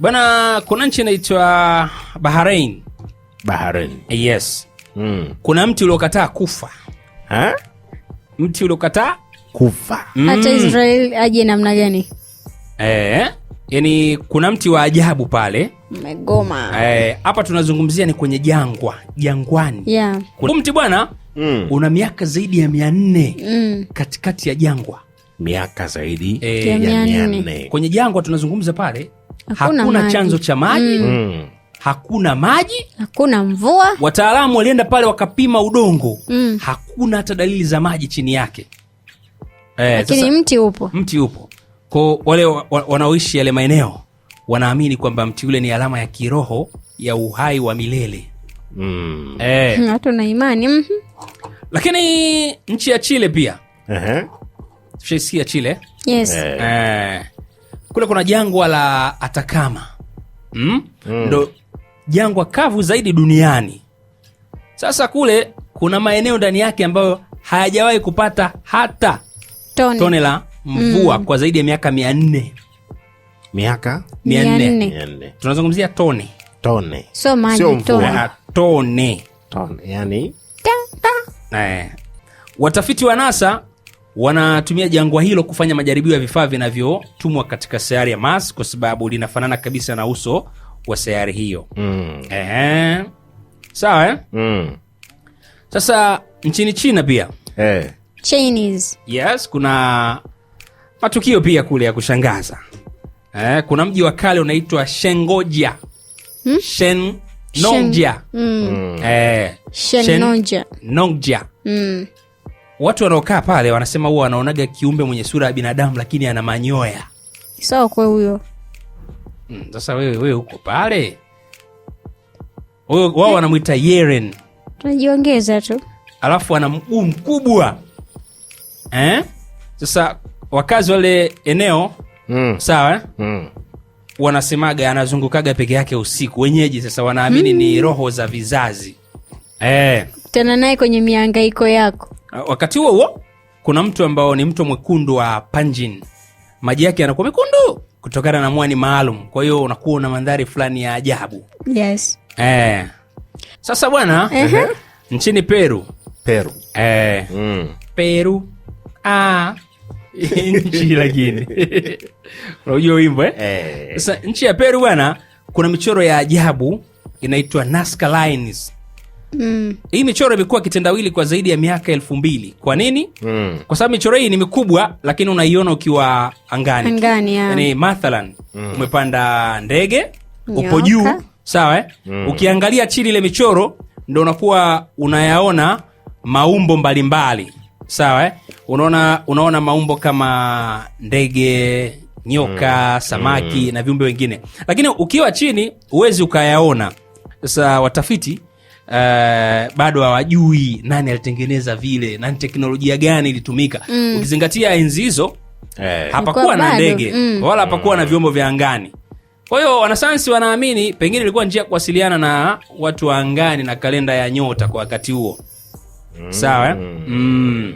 bana kuna nchi inaitwa Bahrain. Bahrain. Yes. Mm. Kuna mti uliokataa kufa ha? Mti uliokataa kufa mm. Hata Israel aje namna gani? Eh, yani kuna mti wa ajabu pale Megoma. Eh, hapa eh, tunazungumzia ni kwenye jangwa, jangwani yeah. Kuna mti bwana mm. una miaka zaidi ya mia nne mm. katikati ya jangwa miaka zaidi e, ya mia nne kwenye jangwa tunazungumza pale hakuna, hakuna chanzo cha maji mm. mm. Hakuna maji, hakuna mvua. Wataalamu walienda pale wakapima udongo mm. Hakuna hata dalili za maji chini yake eh, lakini sasa, mti upo, mti upo ko wale wa, wa, wanaoishi yale maeneo wanaamini kwamba mti ule ni alama ya kiroho ya uhai wa milele mm. eh. mm -hmm. Mhm. Lakini nchi ya Chile pia uh -huh. Tushaisikia Chile yes. eh. Eh kule kuna jangwa la Atakama mm? Mm. Ndo jangwa kavu zaidi duniani. Sasa kule kuna maeneo ndani yake ambayo hayajawahi kupata hata tone, tone la mvua mm. kwa zaidi ya miaka mia nne miaka mia nne tunazungumzia tone tone, so maji tone, ah, tone. tone. Yani... Eh. watafiti wa NASA wanatumia jangwa hilo kufanya majaribio ya vifaa vinavyotumwa katika sayari ya Mars kwa sababu linafanana kabisa na uso wa sayari hiyo. Mm. Sawa eh? Mm. Sasa nchini China pia hey. Eh. Yes, kuna matukio pia kule ya kushangaza eh, kuna mji wa kale unaitwa Shengoja hmm? Shen Nongja Shen... Hmm. mm. eh, Shen Shen Nongja mm watu wanaokaa pale wanasema huwa wanaonaga kiumbe mwenye sura ya binadamu lakini ana manyoya. Sawa kwe huyo. Hmm, sasa mm, wewe huko pale wao Wanamwita Yeren. Tunajiongeza tu, alafu ana mguu mkubwa eh? Sasa wakazi wale eneo mm. sawa mm. wanasemaga anazungukaga peke yake usiku. Wenyeji sasa wanaamini hmm. ni roho za vizazi eh. Tena naye kwenye miangaiko yako Ah, wakati huo huo kuna mtu ambao ni mto mwekundu wa Panjin, maji yake yanakuwa mekundu kutokana na mwani maalum, kwa hiyo unakuwa na mandhari fulani ya ajabu. Yes. Eh. Sasa bwana, uh eh, -huh. nchini Peru Peru. Eh. Mm. Peru. Ah. nchi lakini unajua wimbo eh? Eh. Sasa nchi ya Peru bwana, kuna michoro ya ajabu inaitwa Nazca Mm. Hii michoro imekuwa kitendawili kwa zaidi ya miaka elfu mbili. Kwa nini? Mm. Kwa sababu michoro hii ni mikubwa lakini unaiona ukiwa angani. Angani ya. Yaani mathalan mm. umepanda ndege, upo juu, sawa eh? Mm. Ukiangalia chini ile michoro ndio unakuwa unayaona maumbo mbalimbali. Sawa eh? Unaona unaona maumbo kama ndege, nyoka, mm. samaki mm. na viumbe wengine. Lakini ukiwa chini huwezi ukayaona. Sasa watafiti Uh, bado hawajui nani alitengeneza vile, nani teknolojia gani ilitumika mm. Ukizingatia enzi hizo hey. Eh. hapakuwa na ndege mm. wala hapakuwa mm. na vyombo vya angani. Kwa hiyo wanasayansi wanaamini pengine ilikuwa njia ya kuwasiliana na watu wa angani na kalenda ya nyota kwa wakati huo mm. Sawa eh? mm.